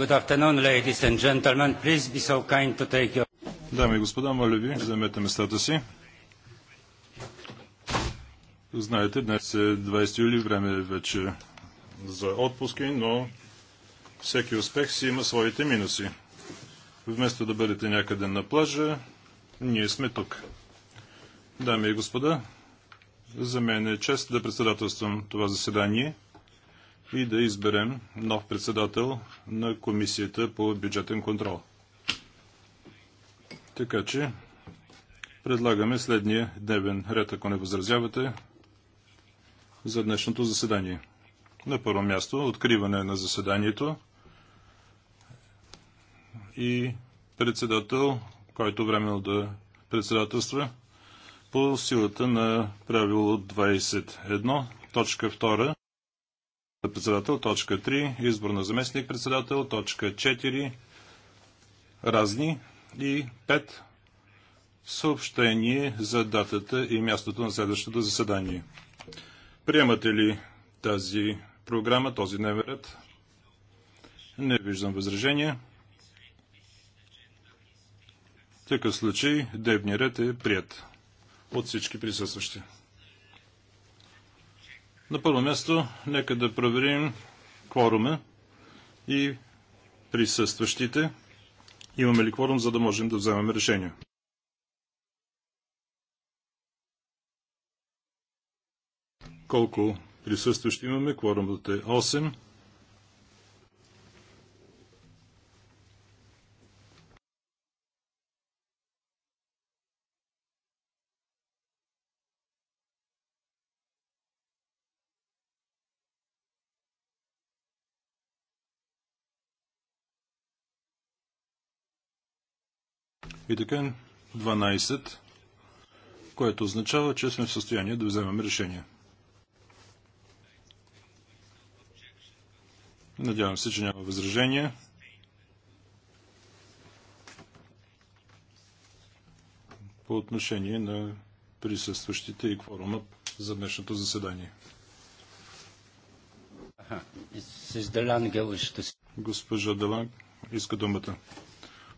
Good afternoon, ladies and gentlemen. Please be so kind to take your... Дами и господа, моля ви, вземете местата си. Знаете, днес е 20 юли, време е вече за отпуски, но всеки успех си има своите минуси. Вместо да бъдете някъде на плажа, ние сме тук. Дами и господа, за мен е чест да председателствам това заседание – и да изберем нов председател на Комисията по бюджетен контрол. Така че предлагаме следния дневен ред, ако не възразявате, за днешното заседание. На първо място откриване на заседанието и председател, който временно да председателства по силата на правило 21, точка 2 е, председател, точка 3, избор на заместник председател, точка 4, разни и 5, съобщение за датата и мястото на следващото заседание. Приемате ли тази програма, този дневен ред? Не виждам възражения. В такъв случай дневният ред е прият от всички присъстващи. На първо място, нека да проверим кворума и присъстващите. Имаме ли кворум, за да можем да вземем решение? Колко присъстващи имаме? Кворумът е 8. И така 12, което означава, че сме в състояние да вземем решение. Надявам се, че няма възражения. по отношение на присъстващите и кворума за днешното заседание. Госпожа Делан, иска думата.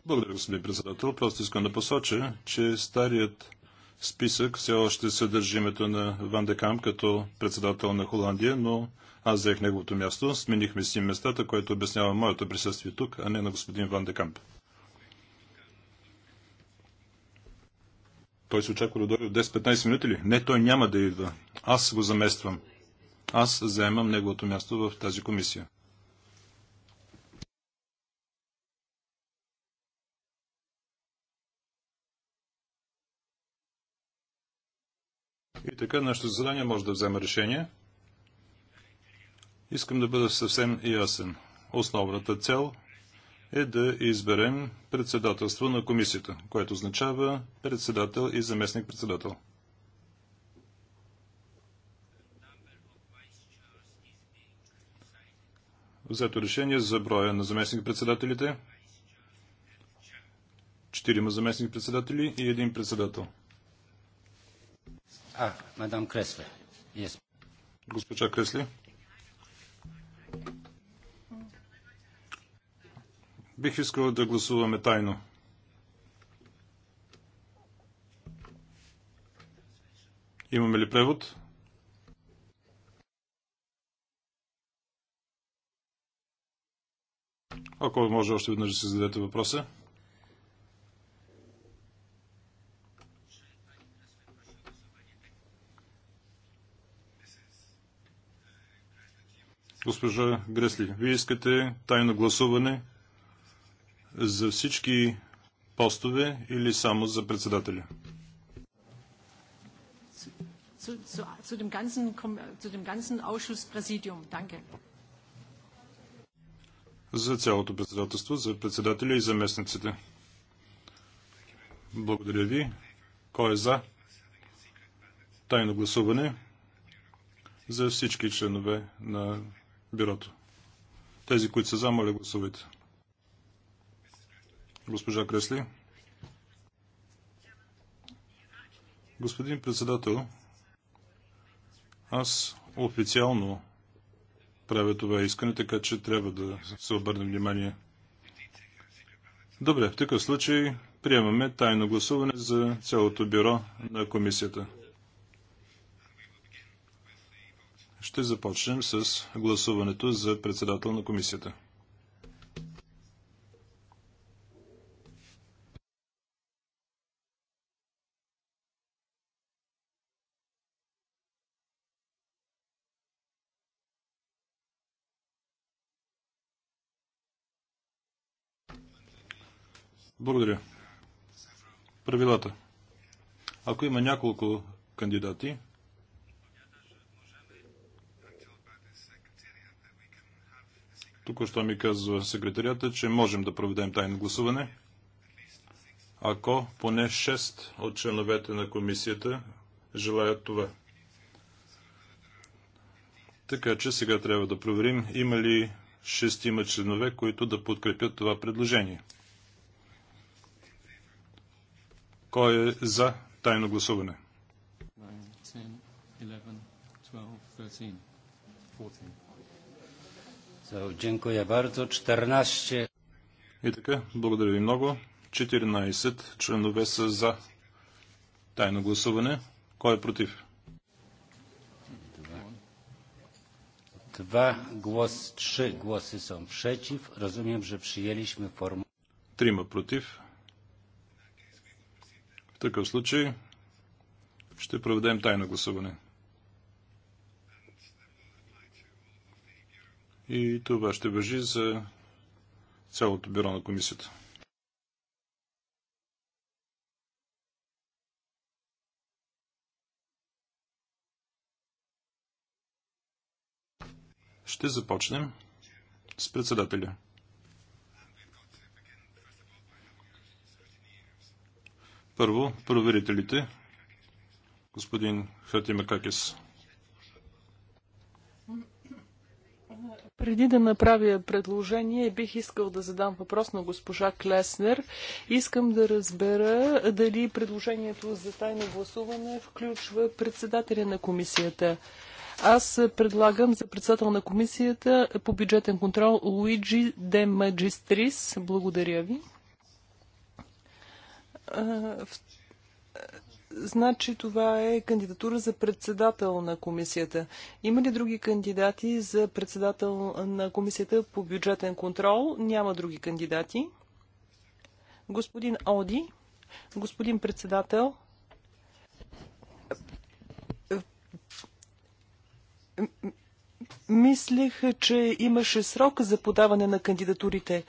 Благодаря, господин председател. Просто искам да посоча, че старият списък все още съдържи името на Ван Кам като председател на Холандия, но аз взех неговото място. Сменихме си местата, което обяснява моето присъствие тук, а не на господин Ван Де Камп. Той се очаква да дойде от 10-15 минути ли? Не, той няма да идва. Аз го замествам. Аз заемам неговото място в тази комисия. И така нашето задание може да вземе решение. Искам да бъда съвсем ясен. Основната цел е да изберем председателство на комисията, което означава председател и заместник-председател. Взето решение за броя на заместник-председателите. Четирима заместник-председатели и един председател. А, мадам Кресле. Yes. Госпожа Кресли. Бих искал да гласуваме тайно. Имаме ли превод? Ако може още веднъж да се зададете въпроса. Госпожа Гресли, вие искате тайно гласуване за всички постове или само за председателя? За цялото председателство, за председателя и заместниците. Благодаря ви. Кой е за? Тайно гласуване за всички членове на бюрото. Тези, които са за, моля гласувайте. Госпожа Кресли. Господин председател, аз официално правя това искане, така че трябва да се обърне внимание. Добре, в такъв случай приемаме тайно гласуване за цялото бюро на комисията. ще започнем с гласуването за председател на комисията. Благодаря. Правилата. Ако има няколко кандидати, Току-що ми казва секретарията, че можем да проведем тайно гласуване, ако поне 6 от членовете на комисията желаят това. Така че сега трябва да проверим има ли 6 членове, които да подкрепят това предложение. Кой е за тайно гласуване? 9, 10, 11, 12, 13, 14. Dziękuję bardzo. 14. И така, благодаря ви много. 14 членове са за тайно гласуване. Кой е против? Dwa głos, trzy głosy są przeciw. Rozumiem, że przyjęliśmy formę. Трима против. В такъв случай ще проведем тайно гласуване. И това ще въжи за цялото бюро на комисията. Ще започнем с председателя. Първо, проверителите. Господин Хатима Какис. Преди да направя предложение, бих искал да задам въпрос на госпожа Клеснер. Искам да разбера дали предложението за тайно гласуване включва председателя на комисията. Аз предлагам за председател на комисията по бюджетен контрол Луиджи Де Маджистрис. Благодаря ви. Значи това е кандидатура за председател на комисията. Има ли други кандидати за председател на комисията по бюджетен контрол? Няма други кандидати. Господин Оди, господин председател, Мислех, че имаше срок за подаване на кандидатурите.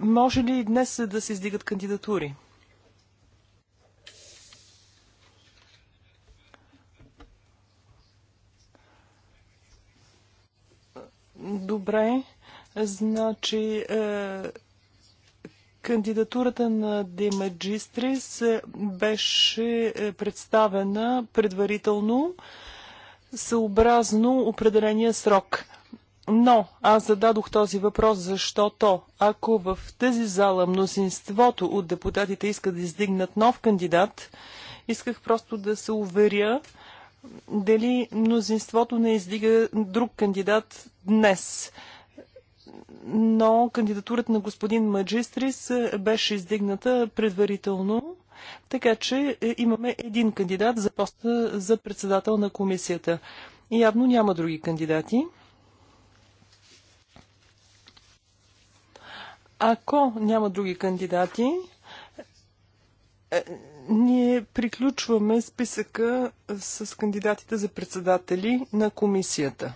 Може ли днес да се издигат кандидатури? Добре, значи е, кандидатурата на Демаджистрис беше е, представена предварително съобразно определения срок. Но аз зададох този въпрос, защото ако в тази зала мнозинството от депутатите искат да издигнат нов кандидат, исках просто да се уверя, дали мнозинството не издига друг кандидат днес. Но кандидатурата на господин Маджистрис беше издигната предварително, така че е, имаме един кандидат за поста за председател на комисията. Явно няма други кандидати. Ако няма други кандидати, е, ние приключваме списъка е, с кандидатите за председатели на комисията.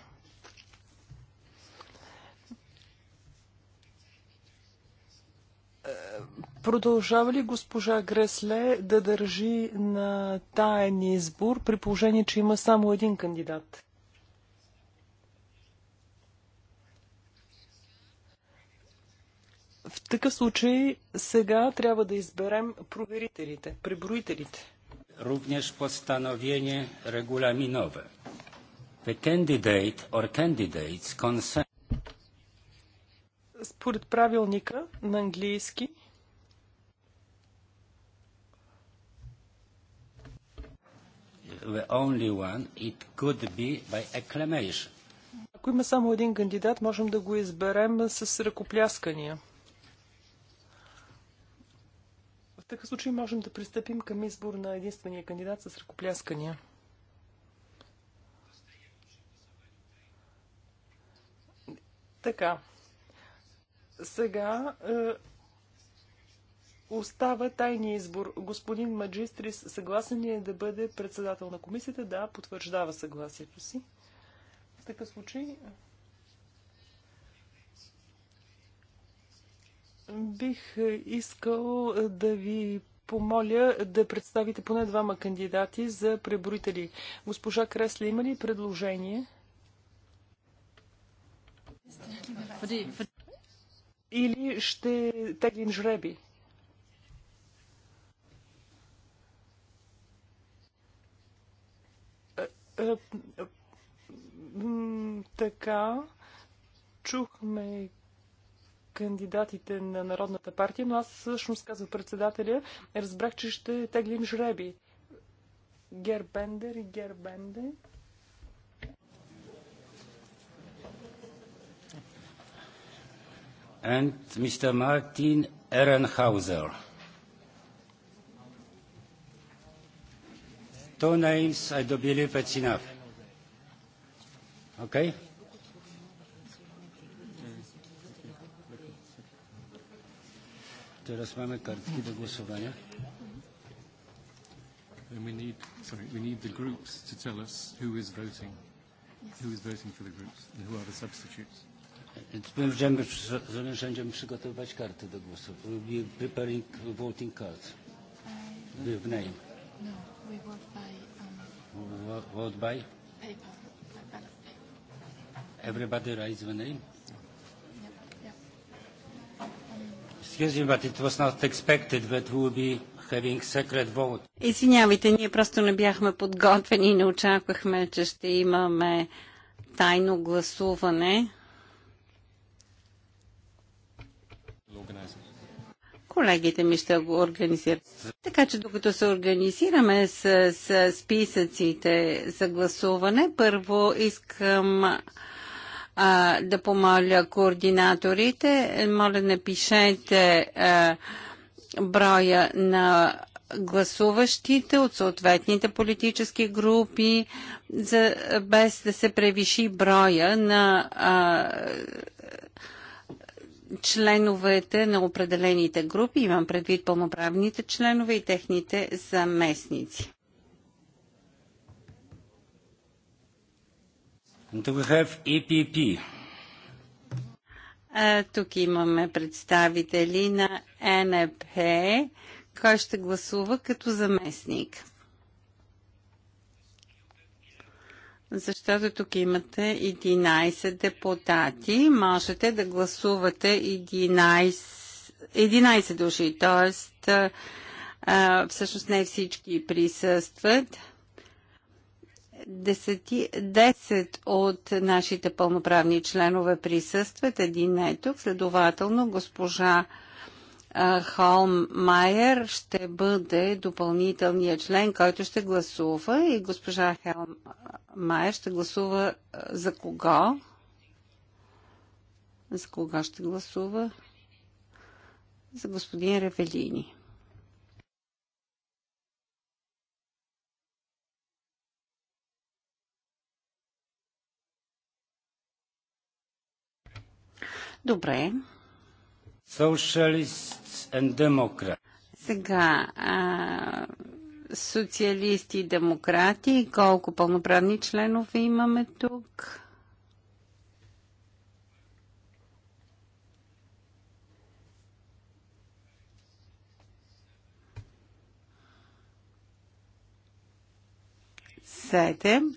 Е, продължава ли госпожа Гресле да държи на таен избор, при положение, че има само един кандидат? В такъв случай сега трябва да изберем проверителите, преброителите. Również postanowienie regulaminowe. The candidate or candidates consent. Според правилника на английски the only one, it could be by acclamation. Ако има само един кандидат, можем да го изберем с ръкопляскания. такъв случай можем да пристъпим към избор на единствения кандидат с ръкопляскания. Така. Сега е, остава тайния избор. Господин Маджистрис, съгласен ли е да бъде председател на комисията? Да, потвърждава съгласието си. В такъв случай Бих е, искал е, да ви помоля да представите поне двама кандидати за преброители. Госпожа Кресли, има ли предложение? Или ще теглим жреби? Е, така, чухме кандидатите на Народната партия, но аз всъщност, казва председателя, разбрах, че ще теглим жреби. Гербендер и Гербенде. And Mr. Martin Ehrenhauser. Two names, I do believe it's enough. Okay? Teraz mamy kartki do głosowania. And we need, sorry, we need the groups to tell us who is voting, who is voting for the groups and who are the substitutes. Będziemy z narzędziem przygotowywać karty do głosu. We'll be preparing voting cards. With name. No, we vote by... Um, vote by? Paper. Everybody writes the name? Excuse me, but it was not expected that we be having secret vote. Извинявайте, ние просто не бяхме подготвени и не очаквахме, че ще имаме тайно гласуване. Колегите ми ще го организират. Така че докато се организираме с, с списъците за гласуване, първо искам а, да помоля координаторите. Моля, напишете а, броя на гласуващите от съответните политически групи, за, без да се превиши броя на а, членовете на определените групи, имам предвид пълноправните членове и техните заместници. have EPP? А, тук имаме представители на НП, кой ще гласува като заместник. Защото тук имате 11 депутати, можете да гласувате 11, 11 души, т.е. всъщност не всички присъстват. 10 от нашите пълноправни членове присъстват, един е тук, следователно госпожа Холм Майер ще бъде допълнителният член, който ще гласува и госпожа Хелм Майер ще гласува за кого? За кого ще гласува? За господин Ревелини. Добре. Socialists and Democrats. Сега, а, социалисти и демократи, колко пълноправни членове имаме тук? Седем.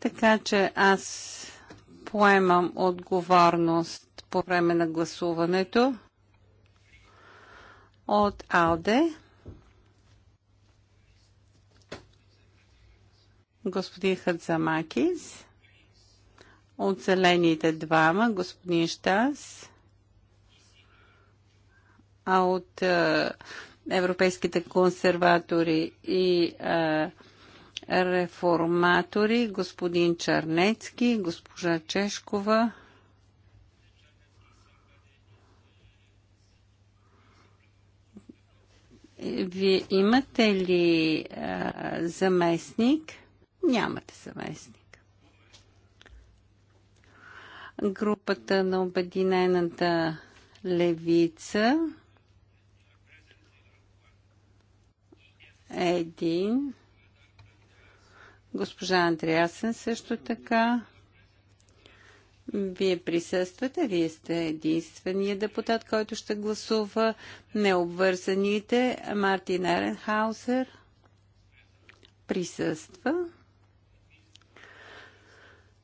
Така че аз поемам отговорност по време на гласуването от АЛДЕ. Господин Хадзамакис. От зелените двама, господин Штас. А от е, европейските консерватори и е, реформатори, господин Чарнецки, госпожа Чешкова Вие имате ли а, заместник? Нямате заместник. Групата на Обединената левица един. Госпожа Андреасен също така. Вие присъствате, вие сте единствения депутат, който ще гласува необвързаните. Мартин Еренхаузер присъства.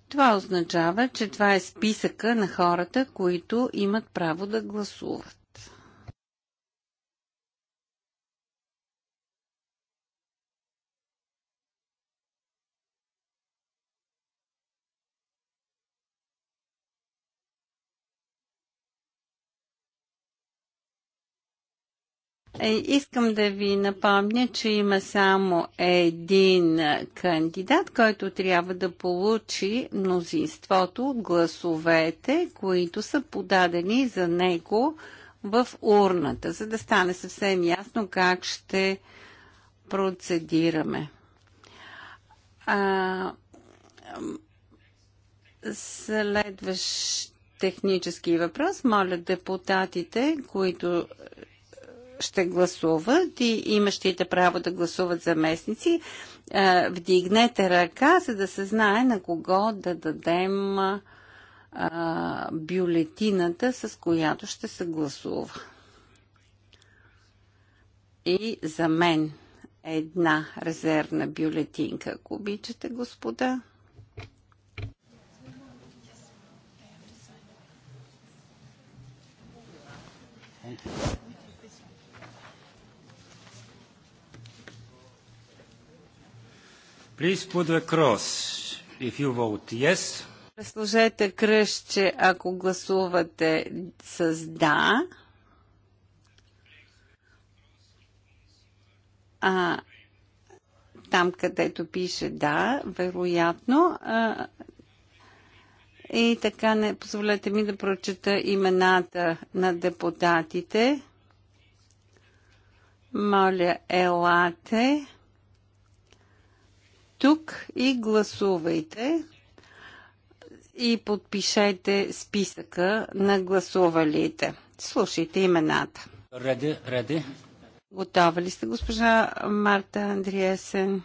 Това означава, че това е списъка на хората, които имат право да гласуват. Е, искам да ви напомня, че има само един кандидат, който трябва да получи мнозинството от гласовете, които са подадени за него в урната, за да стане съвсем ясно как ще процедираме. А, следващ технически въпрос. Моля депутатите, които ще гласуват и имащите право да гласуват заместници, е, вдигнете ръка, за да се знае на кого да дадем е, бюлетината, с която ще се гласува. И за мен една резервна бюлетинка, ако обичате, господа. Thank е. you. Please put the cross if you vote yes. Сложете кръщче, ако гласувате с да. А там, където пише да, вероятно. А, и така не позволете ми да прочета имената на депутатите. Моля, елате тук и гласувайте и подпишете списъка на гласувалите. Слушайте имената. Реди, реди. Готова ли сте, госпожа Марта Андриесен?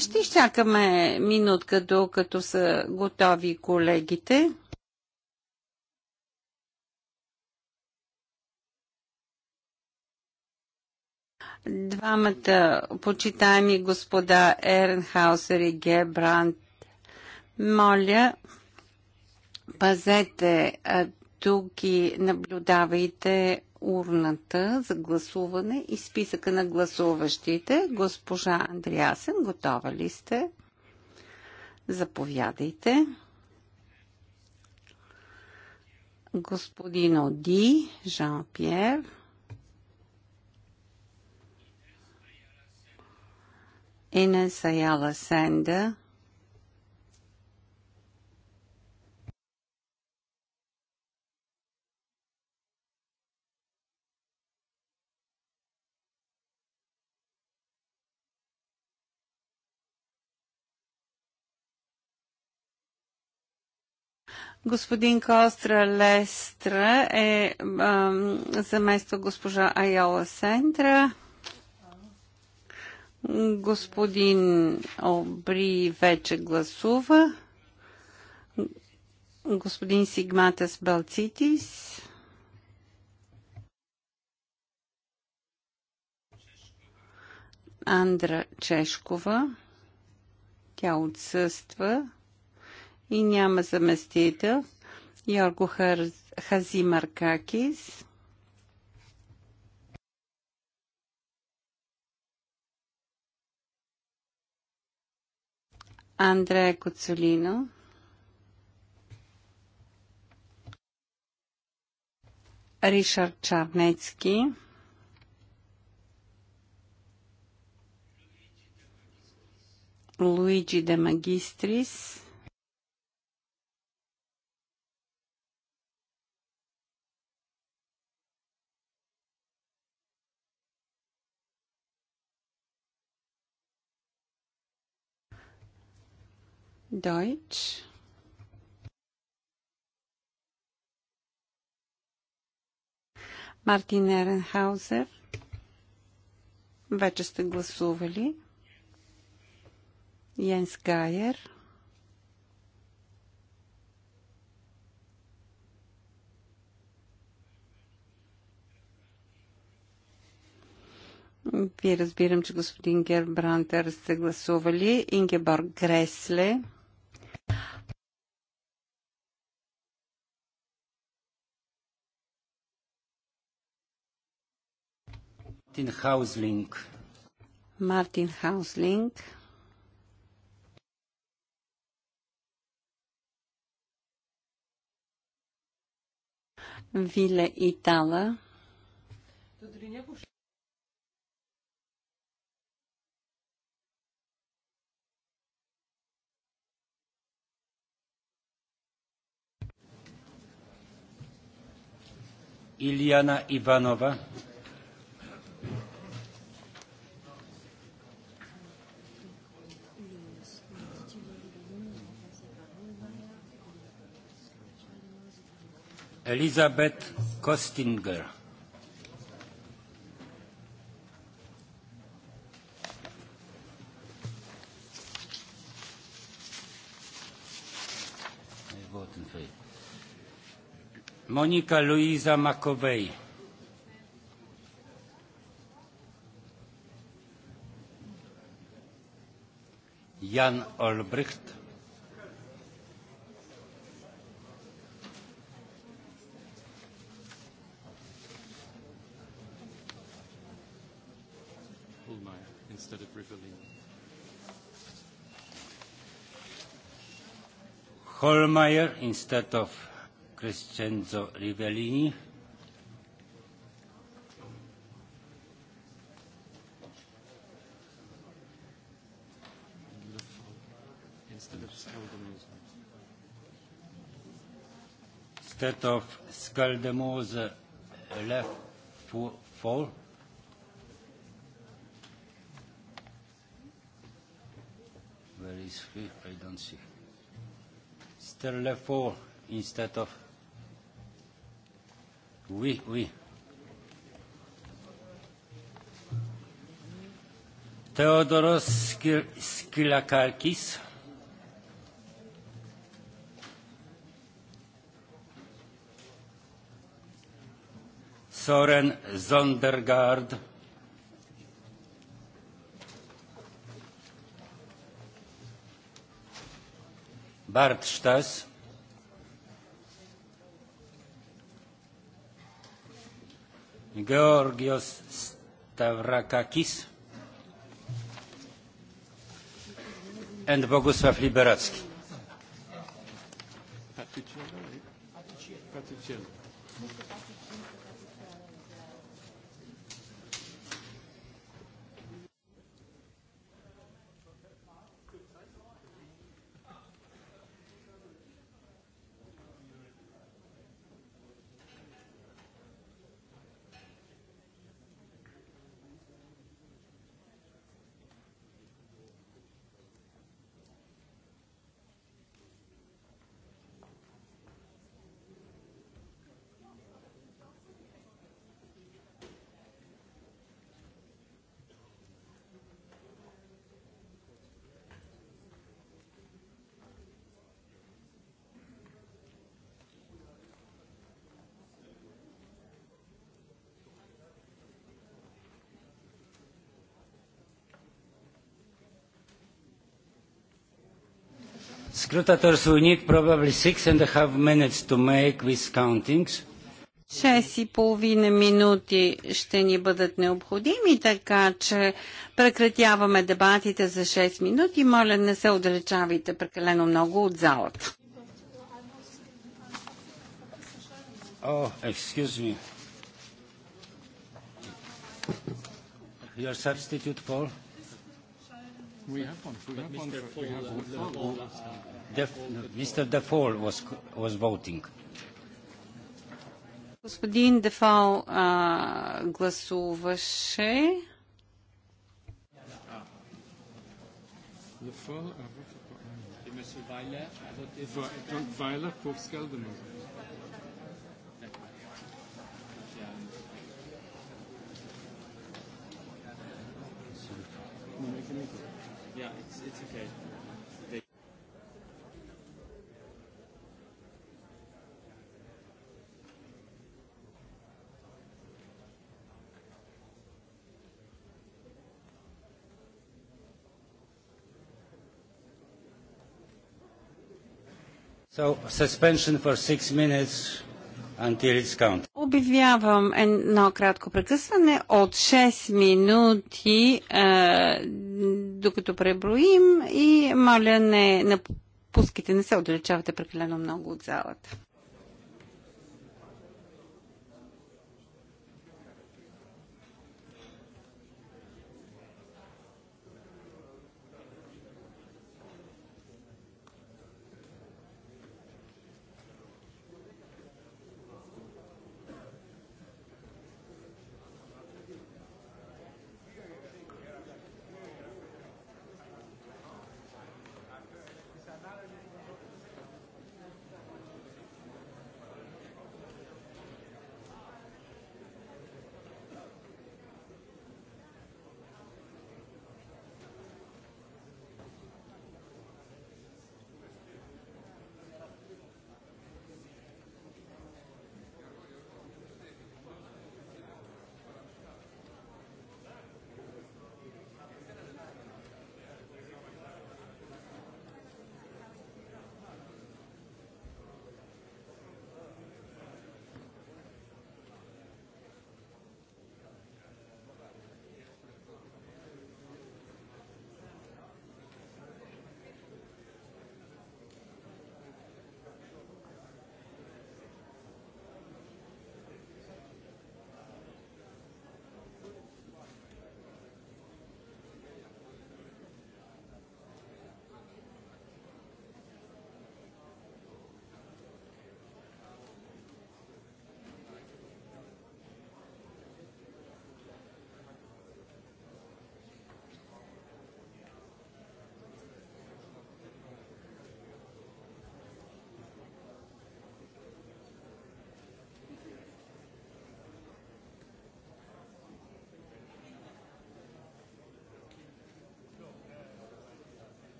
Ще изчакаме минутка, докато са готови колегите. Двамата почитаеми господа Ернхаусер и Гебранд, моля, пазете тук и наблюдавайте урната за гласуване и списъка на гласуващите. Госпожа Андриасен, готова ли сте? Заповядайте. Господин Оди, Жан-Пьер. Ина Саяла Сенда. Господин Костра Лестра е, е, замества госпожа Айола Сендра. Господин Обри вече гласува. Господин Сигматас Балцитис. Андра Чешкова. Тя отсъства и няма заместител. Йорго Хазимаркакис. Андре Коцолино. Ришард Чарнецки. Луиджи де Магистрис. Deutsch. Мартин Еренхаузер. Вече сте гласували. Йенс Гайер. Вие разбирам, че господин Гербрантер сте гласували. Ингеборг Гресле. Мартин Хаузлинг. Мартин Хаузлинг. Виле Итала. Iliana Иванова. Elisabeth Kostinger. Monika Luisa Makowej. Jan Olbrycht. Holmeyer instead of Crescenzo Rivellini. Instead of Scaldemose left four. Where is he? I don't see. Mr. Lefort instead of... Oui, oui. Theodoros Skylakakis. Soren Zondergaard. Bart Stas. Georgios Stavrakakis and Bogusław Liberacki. Scrutators, we need probably six and a half minutes to make these countings. Шест и половина минути ще ни бъдат необходими, така че прекратяваме дебатите за 6 минути. Моля, не се отдалечавайте прекалено много от залата. Oh, excuse me. Your substitute, Paul? We have one. We have one. We have one. Mr. Defoe was, was voting. Господин Дефал а, гласуваше. Дефал, Weiler pour Skeldemus. Thank you. Yeah, it's, it's okay. So, suspension for six minutes until it's counted. Обявявам едно кратко прекъсване от 6 минути е, докато преброим и моля не напускайте, не се отдалечавате прекалено много от залата.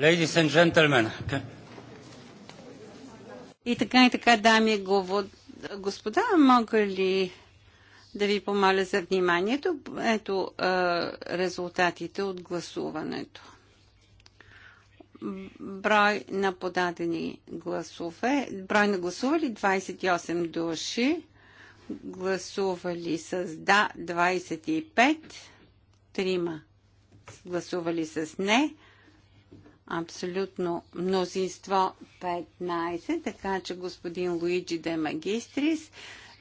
Ladies and gentlemen. И така и така, дами и господа, мога ли да ви помоля за вниманието? Ето е, резултатите от гласуването. Брой на подадени гласове, брой на гласували 28 души, гласували с да 25, трима гласували с не, абсолютно мнозинство 15, така че господин Луиджи де Магистрис,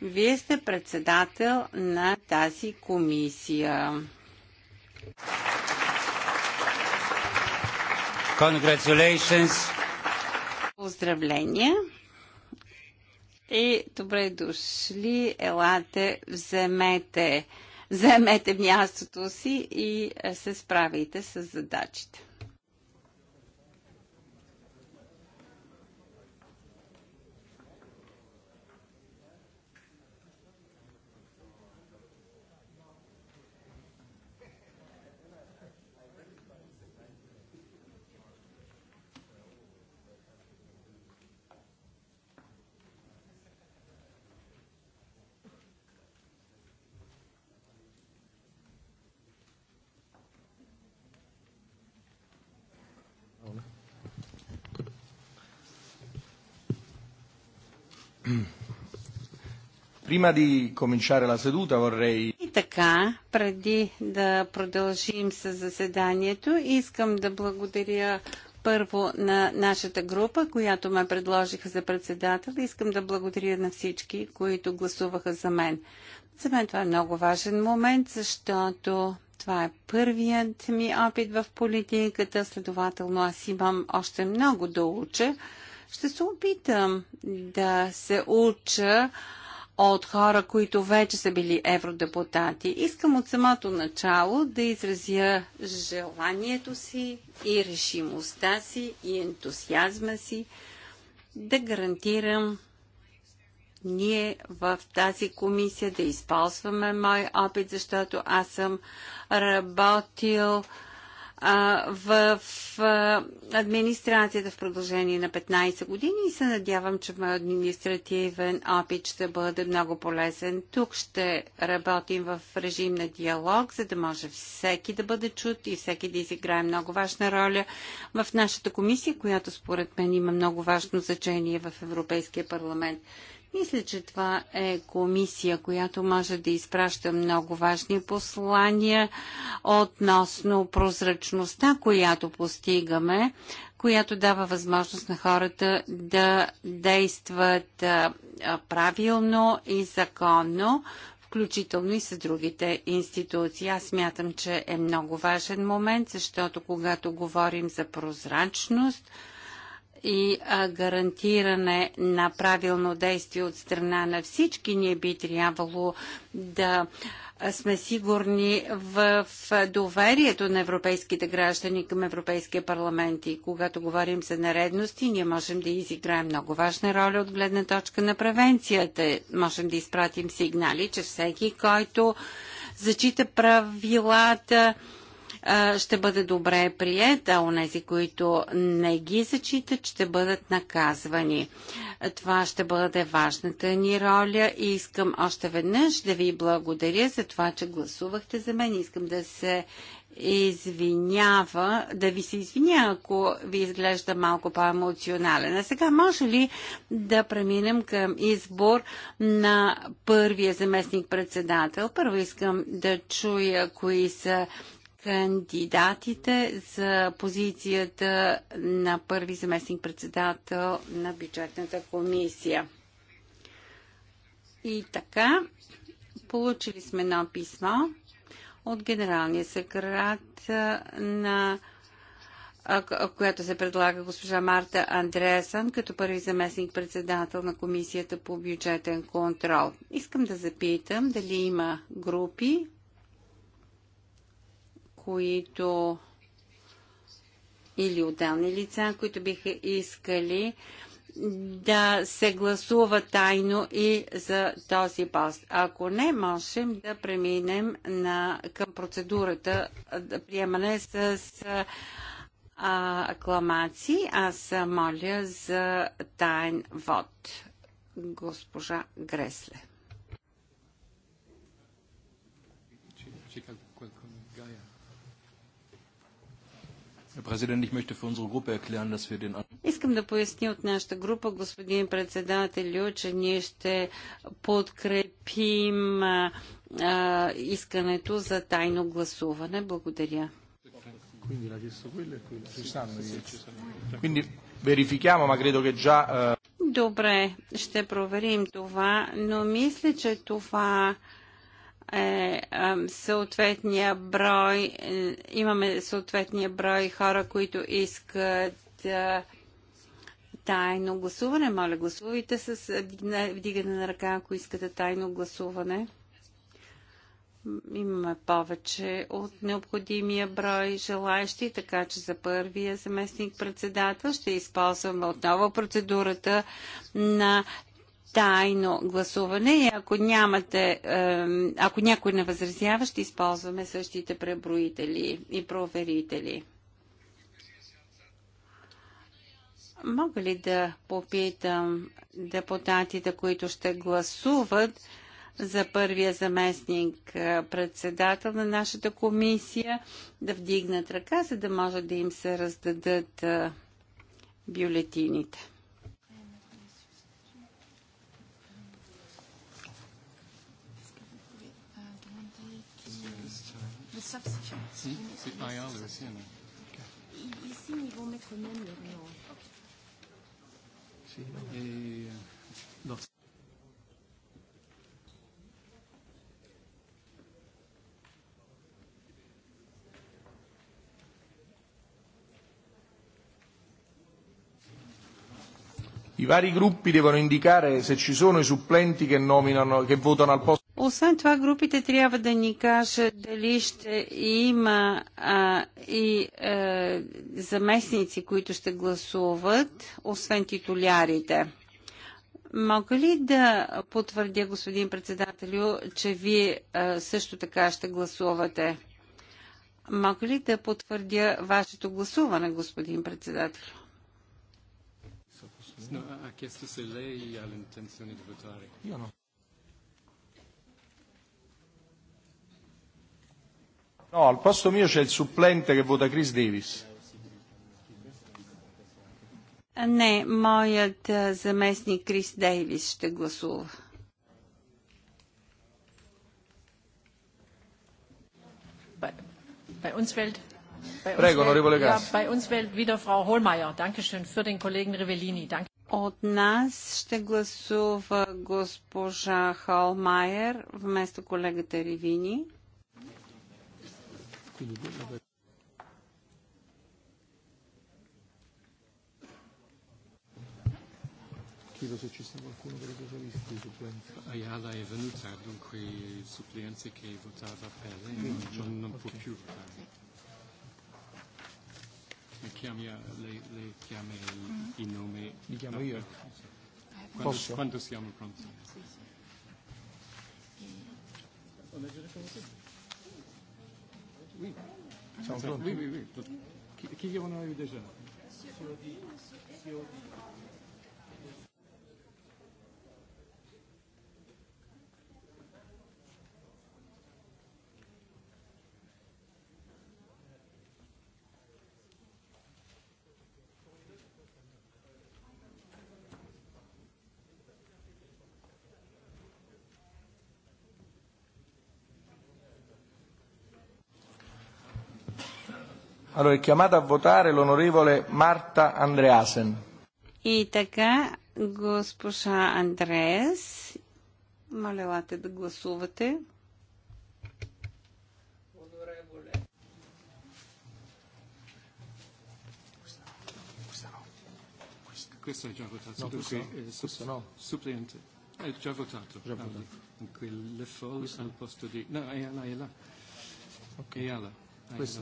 вие сте председател на тази комисия. Congratulations! Поздравления! И добре дошли, елате, вземете, вземете мястото си и се справите с задачите. И така, преди да продължим с заседанието, искам да благодаря първо на нашата група, която ме предложиха за председател. Искам да благодаря на всички, които гласуваха за мен. За мен това е много важен момент, защото това е първият ми опит в политиката, следователно аз имам още много да уча. Ще се опитам да се уча от хора, които вече са били евродепутати. Искам от самото начало да изразя желанието си и решимостта си и ентусиазма си да гарантирам ние в тази комисия да използваме мой опит, защото аз съм работил в администрацията в продължение на 15 години и се надявам, че моят административен опит ще бъде много полезен. Тук ще работим в режим на диалог, за да може всеки да бъде чут и всеки да изиграе много важна роля в нашата комисия, която според мен има много важно значение в Европейския парламент. Мисля, че това е комисия, която може да изпраща много важни послания относно прозрачността, която постигаме, която дава възможност на хората да действат правилно и законно, включително и с другите институции. Аз смятам, че е много важен момент, защото когато говорим за прозрачност, и гарантиране на правилно действие от страна на всички, ние би трябвало да сме сигурни в доверието на европейските граждани към Европейския парламент и когато говорим за наредности, ние можем да изиграем много важна роля от гледна точка на превенцията. Можем да изпратим сигнали, че всеки, който зачита правилата, ще бъде добре прият, а онези, които не ги зачитат, ще бъдат наказвани. Това ще бъде важната ни роля и искам още веднъж да ви благодаря за това, че гласувахте за мен. Искам да се извинява, да ви се извиня, ако ви изглежда малко по-емоционален. А сега може ли да преминем към избор на първия заместник председател? Първо искам да чуя кои са кандидатите за позицията на първи заместник председател на бюджетната комисия. И така, получили сме едно писмо от генералния секрет на която се предлага госпожа Марта Андреасън като първи заместник председател на Комисията по бюджетен контрол. Искам да запитам дали има групи, които или отделни лица, които биха искали да се гласува тайно и за този пост. Ако не, можем да преминем на, към процедурата да приемане с, а, акламации. Аз моля за тайн вод. Госпожа Гресле. Искам да поясня от нашата група, господин председател, че ние ще подкрепим а, искането за тайно гласуване. Благодаря. Eh, Добре, ще проверим това, но мисля, че това е съответния брой, е, имаме съответния брой хора, които искат е, тайно гласуване. Моля, гласувайте с е, вдигане на ръка, ако искате тайно гласуване. Имаме повече от необходимия брой желаящи, така че за първия заместник председател ще използваме отново процедурата на тайно гласуване и ако нямате, ако някой не възразява, ще използваме същите преброители и проверители. Мога ли да попитам депутатите, които ще гласуват за първия заместник е, председател на нашата комисия, да вдигнат ръка, за да може да им се раздадат е, бюлетините? Si, c'est aussi. Non. ils vont mettre même leur nom. Si, et dans I vari gruppi devono indicare se ci sono i supplenti che, nominano, che votano al posto. Освен това, групите трябва да ни кажат дали ще има а, и а, е, заместници, които ще гласуват, освен титулярите. Мога ли да потвърдя, господин председателю, че вие а, е, също така ще гласувате? Мога ли да потвърдя вашето гласуване, господин председател? No, a chiesto se lei ha l'intenzione no. No, al posto mio c'è il supplente che vota Крис Дейвис. Не, моят заместник Крис Дейвис ще гласува. Bei uns fällt Prego, onorevole Gas. Ja, bei uns wählt wieder Frau Hohlmeier. Dankeschön für den Kollegen Rivellini. Danke. От нас ще гласува госпожа Холмайер вместо колегата Ривини quindi della... Chiedo se ci sta qualcuno delle socialisti supplenti. Ayala è venuta, dunque il suppliente che votava per lei non, non, non può più votare. Le chiami, le, le chiami mm. il nome. Li chiamo no, io. Quando, Posso? quando siamo pronti? Sì, sì. On Oui. C'est Antoine. Oui, oui, oui. Qui, qui en a eu déjà COD. COD. Allora, è chiamata a votare l'onorevole Marta Andreasen. И така, госпожа Андреас, молявате да гласувате. Questo è già votato, no, dunque questo no. suppliente. È già votato. Già votato. Dunque le folle al posto di... No, è là, è là. Okay. È là. Questo.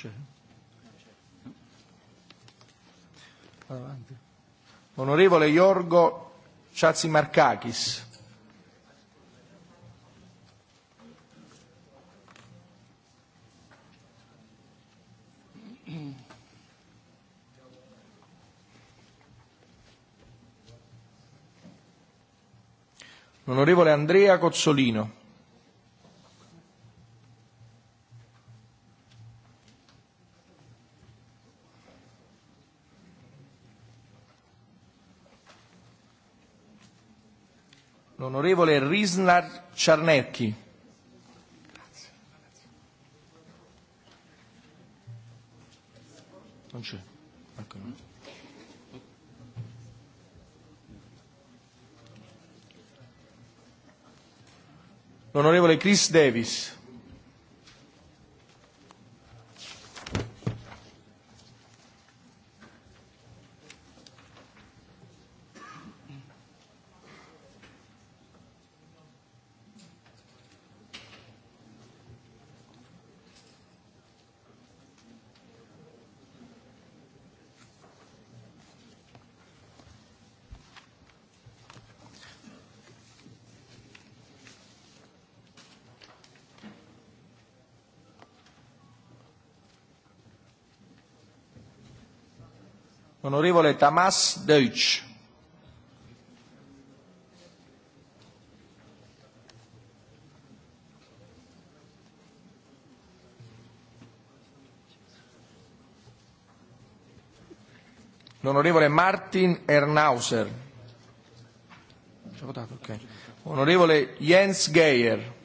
c'è. Avanti. Onorevole Iorgo Ciazimarcakis. onorevole Andrea Cozzolino. l'onorevole Risnar Ciarnecchi. Non c'è. Ecco. L'onorevole Chris Davis. Onorevole Tamas Deutsch. onorevole Martin Ernauser. Onorevole Jens Geier.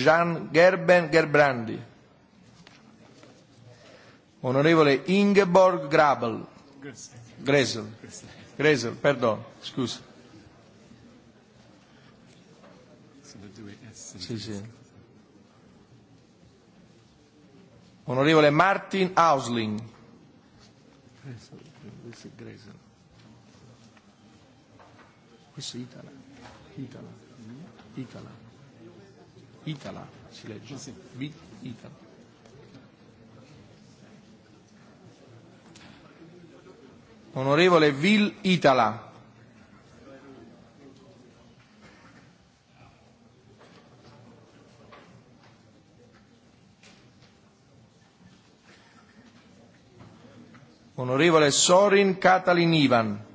Jean Gerben Gerbrandi. Onorevole Ingeborg Grabel. Gresel. Gresel, perdono, scusa. Sì, sì. Onorevole Martin Ausling. Questo è Italia. Itala. Itala, si legge. Vit Itala. Onorevole Vil Itala. Onorevole Sorin Katalin Ivan.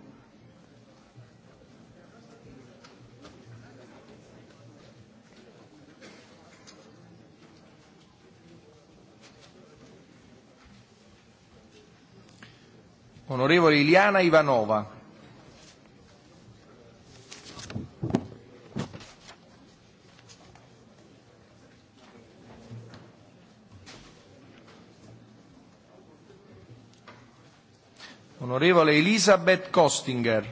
onorevole Ivanova. Onorevole Elisabeth Kostinger.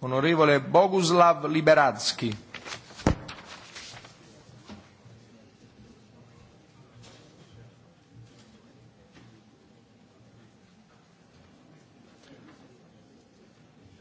Onorevole Boguslav Liberadzki.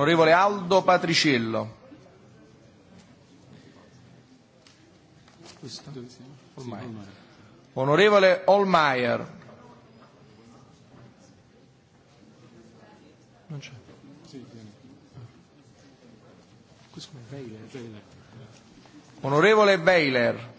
Onorevole Aldo Patriciello. Onorevole Olmaier. Non c'è. Onorevole Weiler.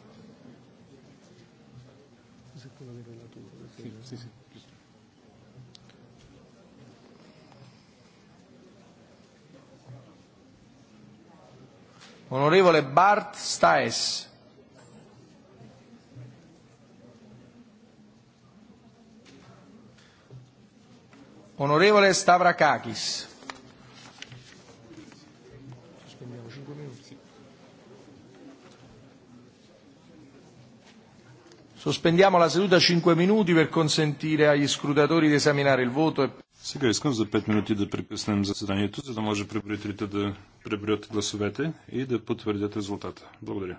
Onorevole Bart Staes. Onorevole Stavrakakis. Sospendiamo la seduta 5 minuti per consentire agli scrutatori di esaminare il voto e сега искам за 5 минути да прекъснем заседанието, за да може преброителите да преброят гласовете и да потвърдят резултата. Благодаря.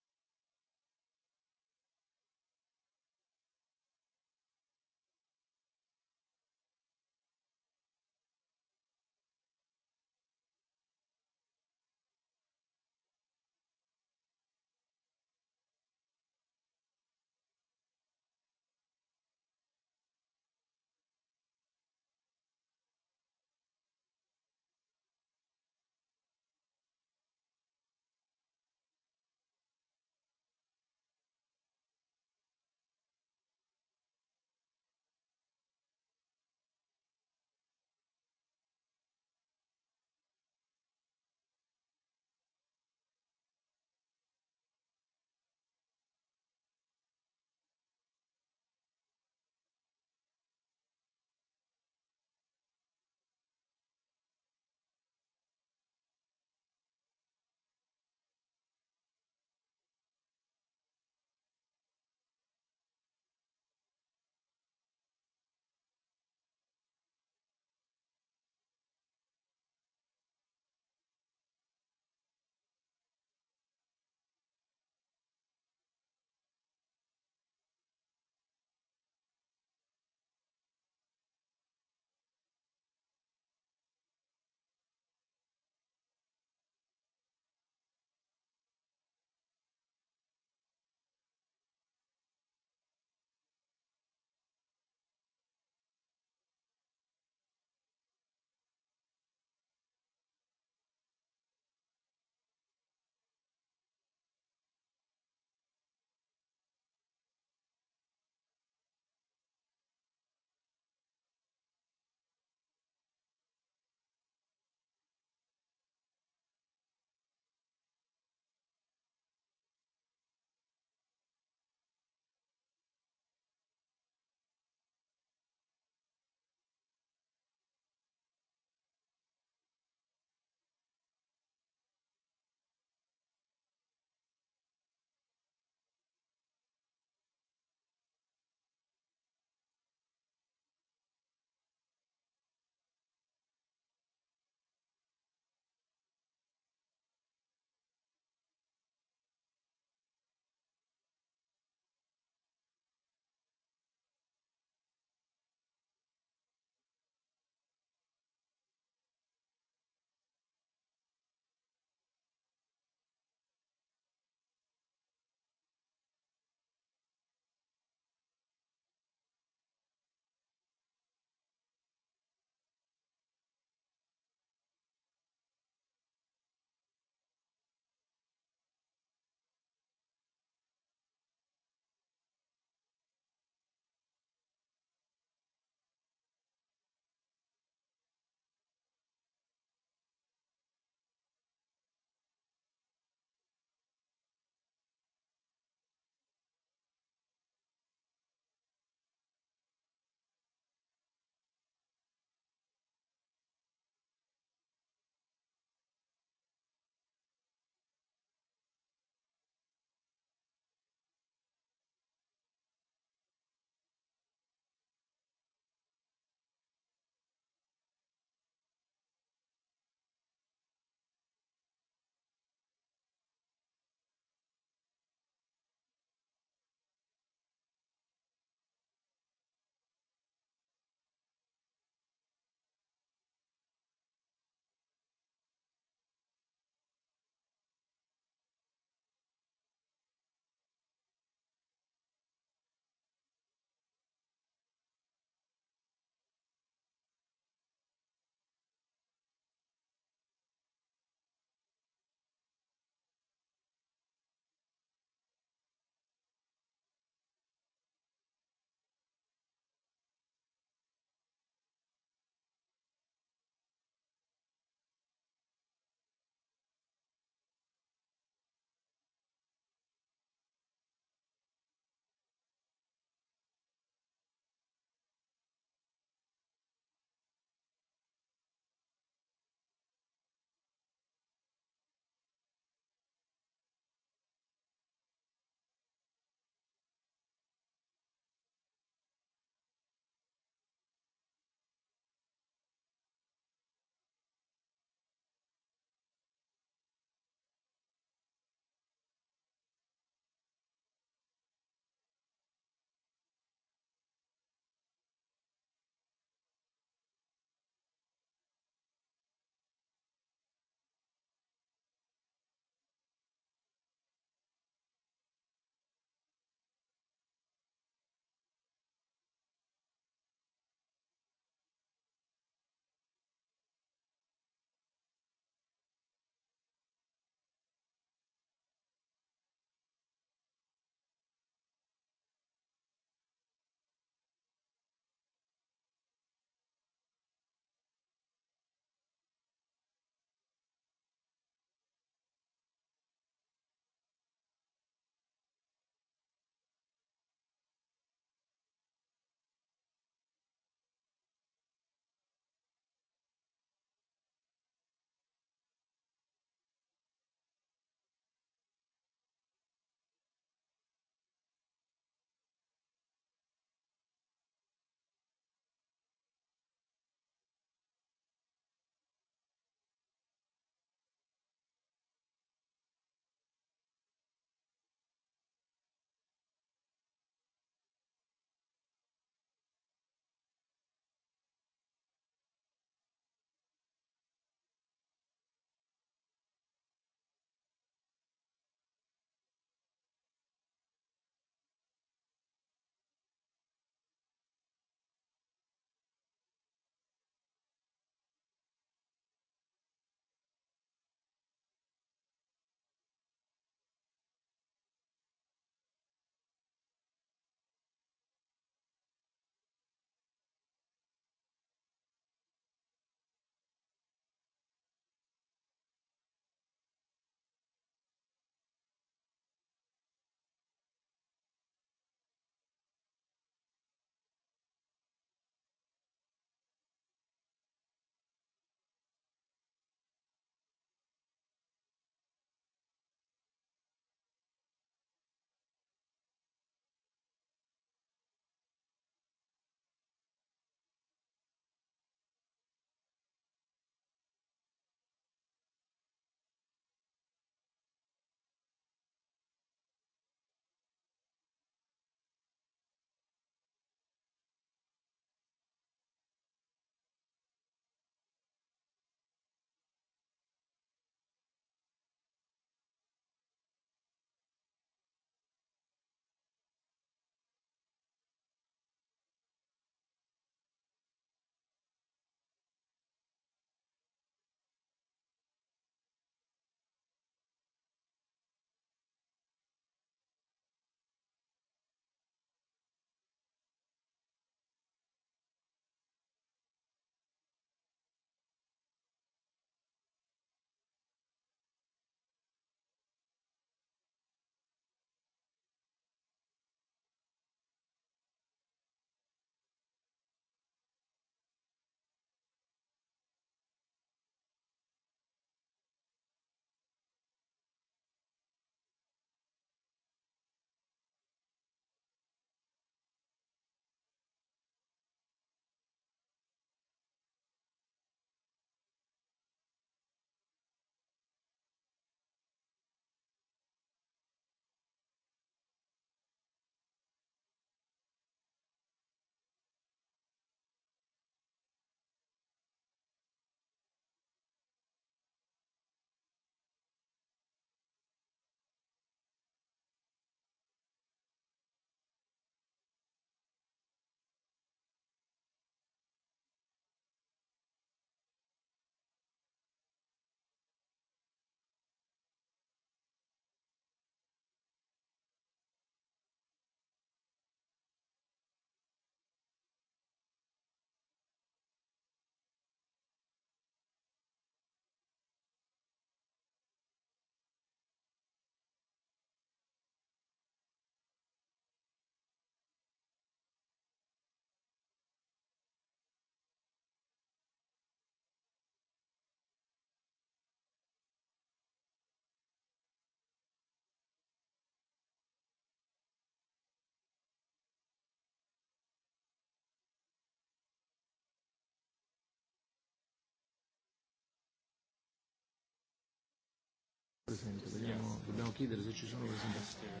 presente, vediamo, dobbiamo chiedere se ci sono presentazioni.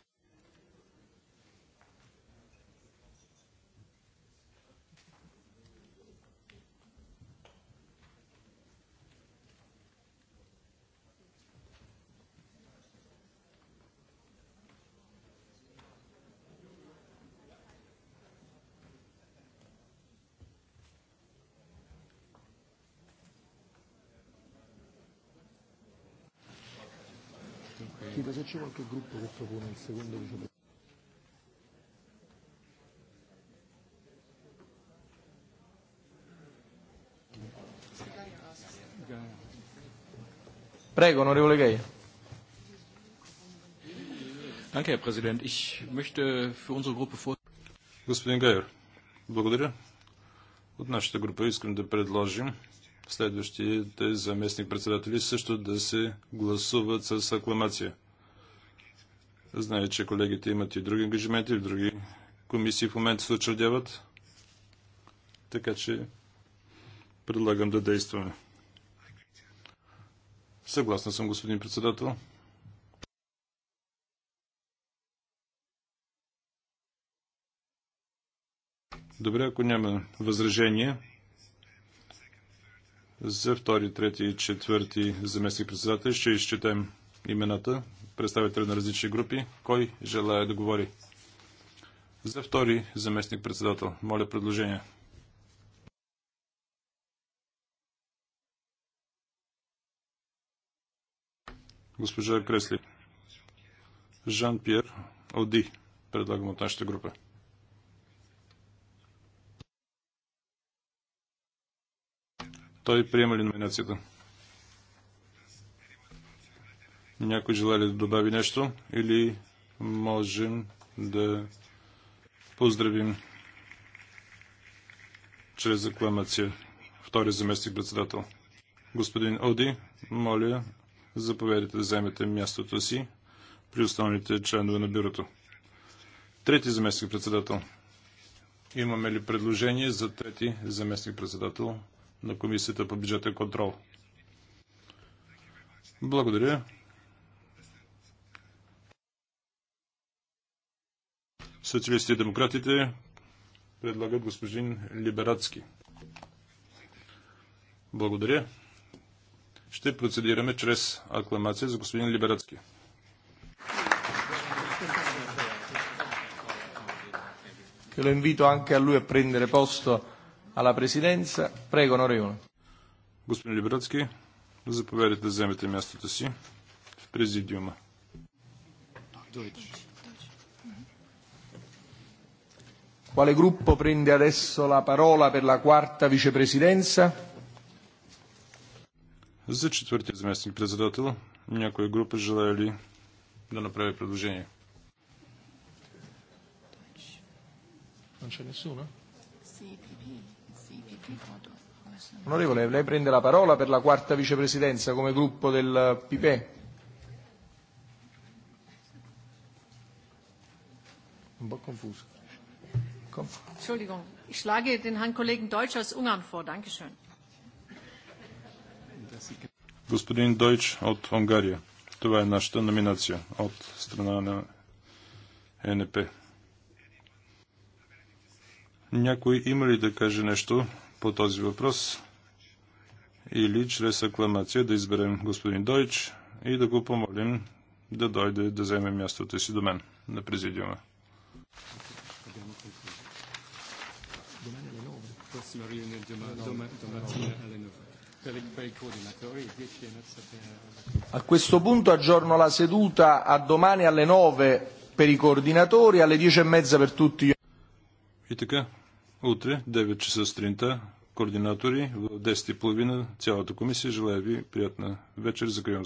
Scusa, se c'è qualche gruppo che propone il secondo vicepresidente. Prego, onorevole Gaia. Danke, Herr Präsident. Ich möchte für unsere Gruppe vor... Господин Гайер, благодаря. От нашата група искам да предложим следващите заместник председатели също да се гласуват с акламация. Знае, че колегите имат и други ангажименти, други комисии в момента се очредяват. Така че предлагам да действаме. Съгласна съм, господин председател. Добре, ако няма възражение за втори, трети и четвърти заместник председател, ще изчетем имената, представители на различни групи. Кой желая да говори? За втори заместник председател. Моля предложение. Госпожа Кресли. Жан-Пьер Оди. Предлагам от нашата група. Той приема ли номинацията? Някой желая ли да добави нещо? Или можем да поздравим чрез закламация втори заместник председател. Господин Оди, моля, заповядайте да вземете мястото си при основните членове на бюрото. Трети заместник председател. Имаме ли предложение за трети заместник председател на Комисията по бюджетен контрол? Благодаря. Социалистите и демократите предлагат господин Либератски. Благодаря. Ще процедираме чрез акламация за господин Либератски. lo invito anche a lui a prendere posto alla presidenza. Prego, onorevole. Господин Либератски, заповядайте да вземете мястото си в президиума. Deutsch. Quale gruppo prende adesso la parola per la quarta vicepresidenza? За четвъртия заместник председател, някоя група желая ли да направи предложение? Onorevole, lei prende la parola per la quarta vicepresidenza come gruppo del PPE. Un po' confuso. Komm. Entschuldigung, ich schlage den Herrn Kollegen Deutsch aus Ungarn vor. Dankeschön. Господин Дойч от Унгария. Това е нашата номинация от страна на ЕНП. Някой има ли да каже нещо по този въпрос? Или чрез акламация да изберем господин Дойч и да го помолим да дойде да вземе мястото си до мен на президиума. domattina alle 9 per i coordinatori A questo punto aggiorno la seduta a domani alle 9 per i coordinatori, alle 10 e mezza per tutti gli И така, утре, 9 часа сутринта, координатори в 10.30 цялата комисия. Желая ви приятна вечер. Закривам